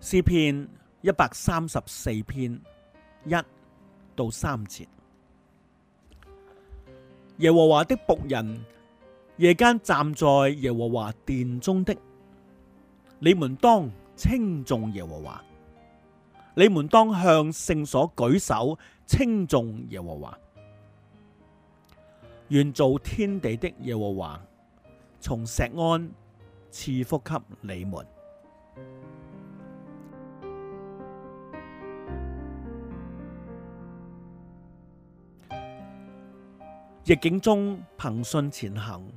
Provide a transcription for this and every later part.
詩篇一百三十四篇一到三節，耶和華的僕人夜間站在耶和華殿中的，你們當稱頌耶和華，你們當向聖所舉手稱頌耶和華，願造天地的耶和華從錫安賜福給你們。逆境中憑信前行，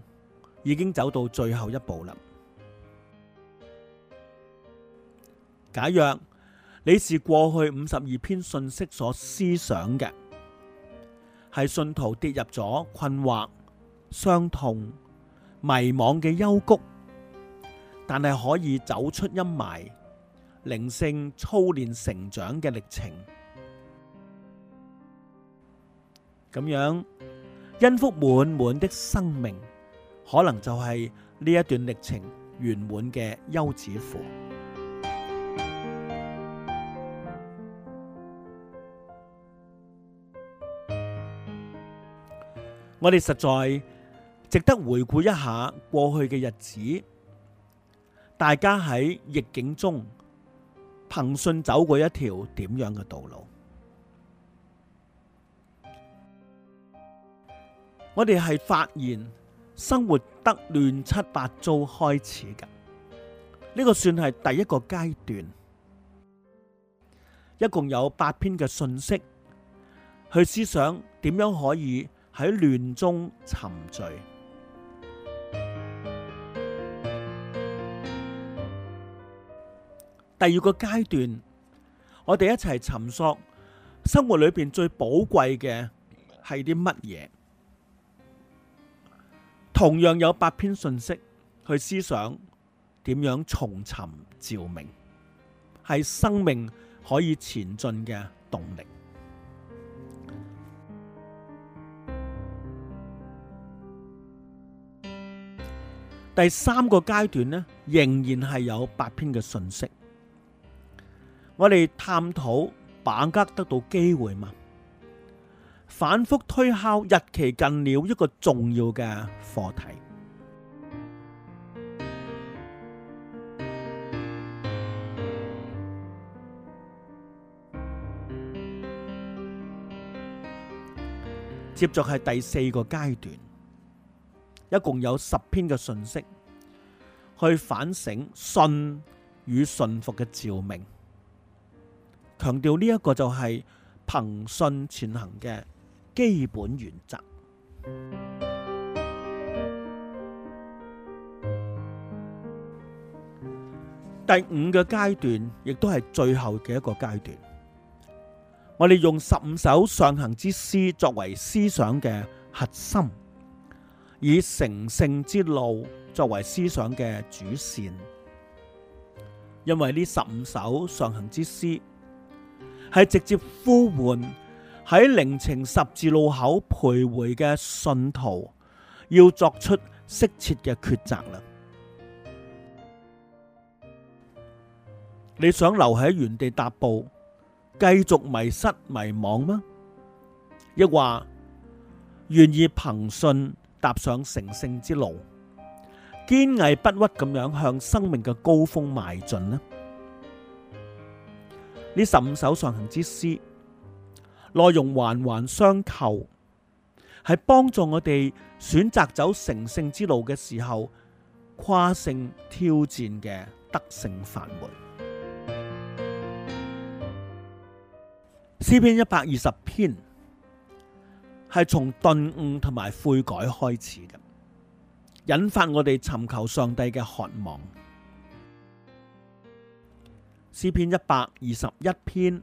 已經走到最後一步啦。假若你是過去五十二篇信息所思想嘅，係信徒跌入咗困惑、傷痛、迷茫嘅幽谷，但係可以走出陰霾，靈性操練成長嘅歷程，咁樣。恩福滿滿的生命，可能就係呢一段歷程圓滿嘅休止符。我哋實在值得回顧一下過去嘅日子，大家喺逆境中憑信走過一條點樣嘅道路？我哋係發現生活得亂七八糟開始噶呢個算係第一個階段。一共有八篇嘅信息去思想點樣可以喺亂中尋序。第二個階段，我哋一齊尋索生活裏邊最寶貴嘅係啲乜嘢。同樣有八篇信息去思想，點樣重尋照明，係生命可以前進嘅動力。第三個階段呢，仍然係有八篇嘅信息，我哋探討，把握得到機會嘛。反覆推敲，日期近了一個重要嘅課題。接續係第四個階段，一共有十篇嘅信息，去反省信與信服嘅照明，強調呢一個就係憑信前行嘅。基本原則。第五個階段，亦都係最後嘅一個階段。我哋用十五首上行之詩作為思想嘅核心，以成聖之路作為思想嘅主線。因為呢十五首上行之詩係直接呼喚。喺靈情十字路口徘徊嘅信徒，要作出適切嘅抉擇啦！你想留喺原地踏步，繼續迷失迷惘嗎？抑或願意憑信踏上成聖之路，堅毅不屈咁樣向生命嘅高峰邁進呢？呢十五首上行之詩。內容環環相扣，係幫助我哋選擇走成聖之路嘅時候跨性挑戰嘅得勝法門。詩篇一百二十篇係從頓悟同埋悔改開始嘅，引發我哋尋求上帝嘅渴望。詩篇一百二十一篇。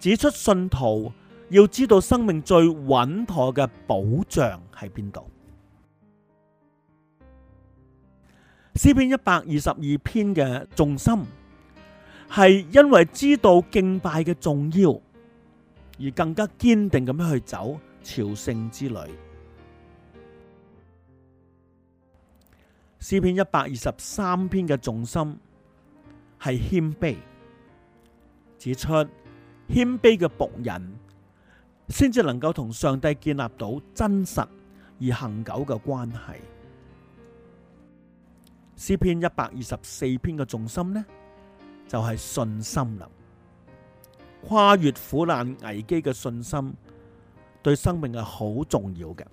指出信徒要知道生命最穩妥嘅保障喺邊度。詩篇一百二十二篇嘅重心係因為知道敬拜嘅重要，而更加堅定咁樣去走朝聖之旅。詩篇一百二十三篇嘅重心係謙卑，指出。謙卑嘅僕人，先至能夠同上帝建立到真實而恒久嘅關係。詩篇一百二十四篇嘅重心呢，就係、是、信心啦。跨越苦難危機嘅信心，對生命係好重要嘅。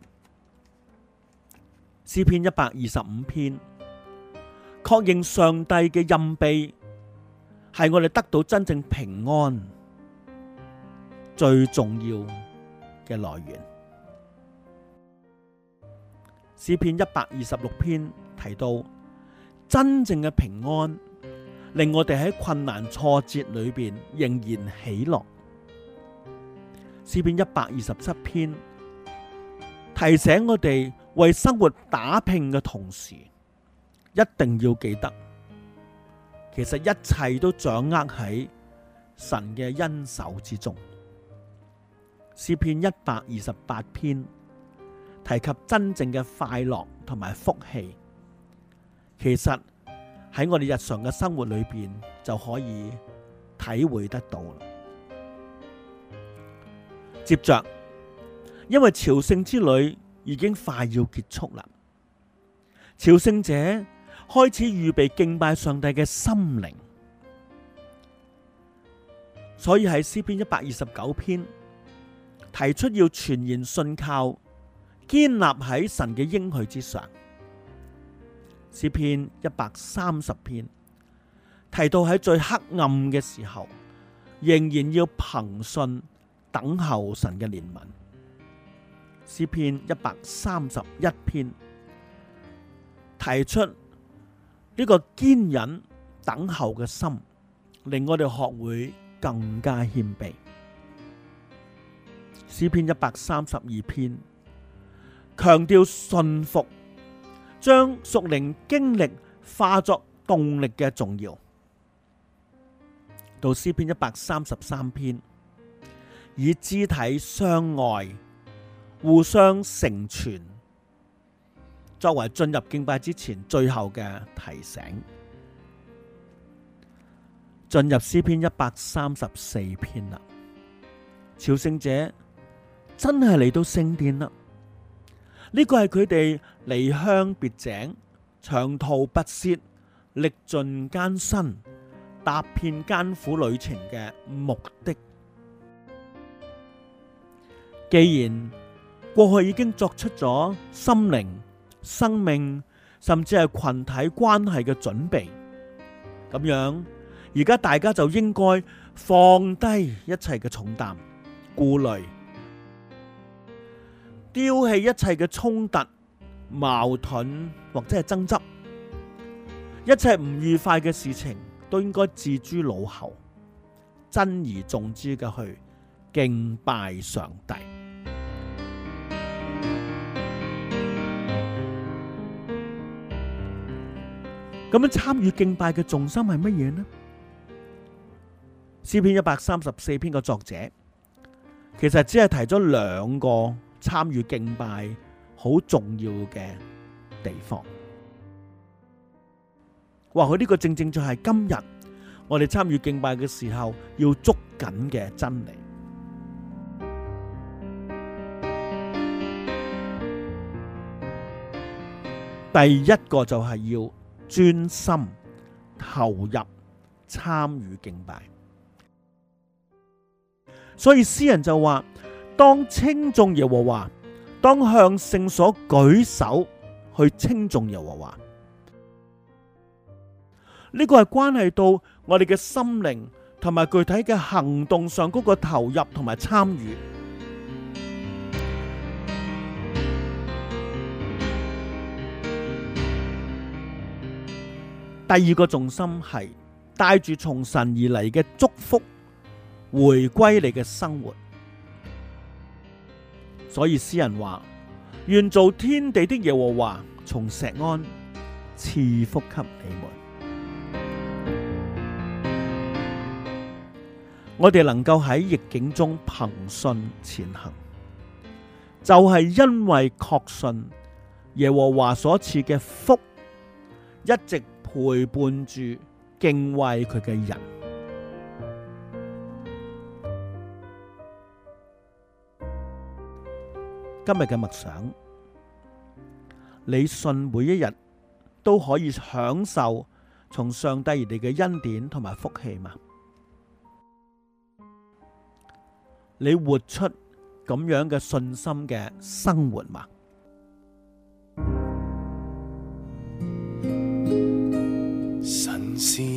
詩篇一百二十五篇，確認上帝嘅應備係我哋得到真正平安最重要嘅來源，詩篇一百二十六篇提到真正嘅平安，令我哋喺困難挫折裏邊仍然喜樂。詩篇一百二十七篇提醒我哋，為生活打拼嘅同時，一定要記得，其實一切都掌握喺神嘅恩手之中。詩篇一百二十八篇提及真正嘅快樂同埋福氣，其實喺我哋日常嘅生活裏邊就可以體會得到。接着，因為朝聖之旅已經快要結束啦，朝聖者開始預備敬拜上帝嘅心靈，所以喺詩篇一百二十九篇。提出要全然信靠，建立喺神嘅應許之上。詩篇一百三十篇提到喺最黑暗嘅時候，仍然要憑信等候神嘅憐憫。詩篇一百三十一篇提出呢個堅忍等候嘅心，令我哋學會更加謙卑。詩篇一百三十二篇，強調順服，將屬靈經歷化作動力嘅重要。到詩篇一百三十三篇，以肢體相愛、互相成全，作為進入敬拜之前最後嘅提醒。進入詩篇一百三十四篇啦，朝聖者。真係嚟到聖殿啦！呢個係佢哋離鄉別井、長途跋涉、歷盡艱辛、踏遍艱苦旅程嘅目的。既然過去已經作出咗心靈、生命甚至係群體關係嘅準備，咁樣而家大家就應該放低一切嘅重擔、顧慮。丟棄一切嘅衝突、矛盾，或者係爭執，一切唔愉快嘅事情都應該置諸腦後，珍而重之嘅去敬拜上帝。咁樣參與敬拜嘅重心係乜嘢呢？詩篇一百三十四篇嘅作者其實只係提咗兩個。參與敬拜好重要嘅地方，或許呢個正正就係今日我哋參與敬拜嘅時候要捉緊嘅真理。第一個就係要專心投入參與敬拜，所以詩人就話。當稱頌耶和華，當向聖所舉手去稱頌耶和華。呢、這個係關係到我哋嘅心靈同埋具體嘅行動上嗰個投入同埋參與。第二個重心係帶住從神而嚟嘅祝福回歸你嘅生活。所以詩人話：願造天地的耶和華，從錫安賜福給你們。我哋能夠喺逆境中憑信前行，就係因為確信耶和華所賜嘅福，一直陪伴住敬畏佢嘅人。今日嘅默想，你信每一日都可以享受從上帝而嚟嘅恩典同埋福氣嘛？你活出咁樣嘅信心嘅生活嘛？神是。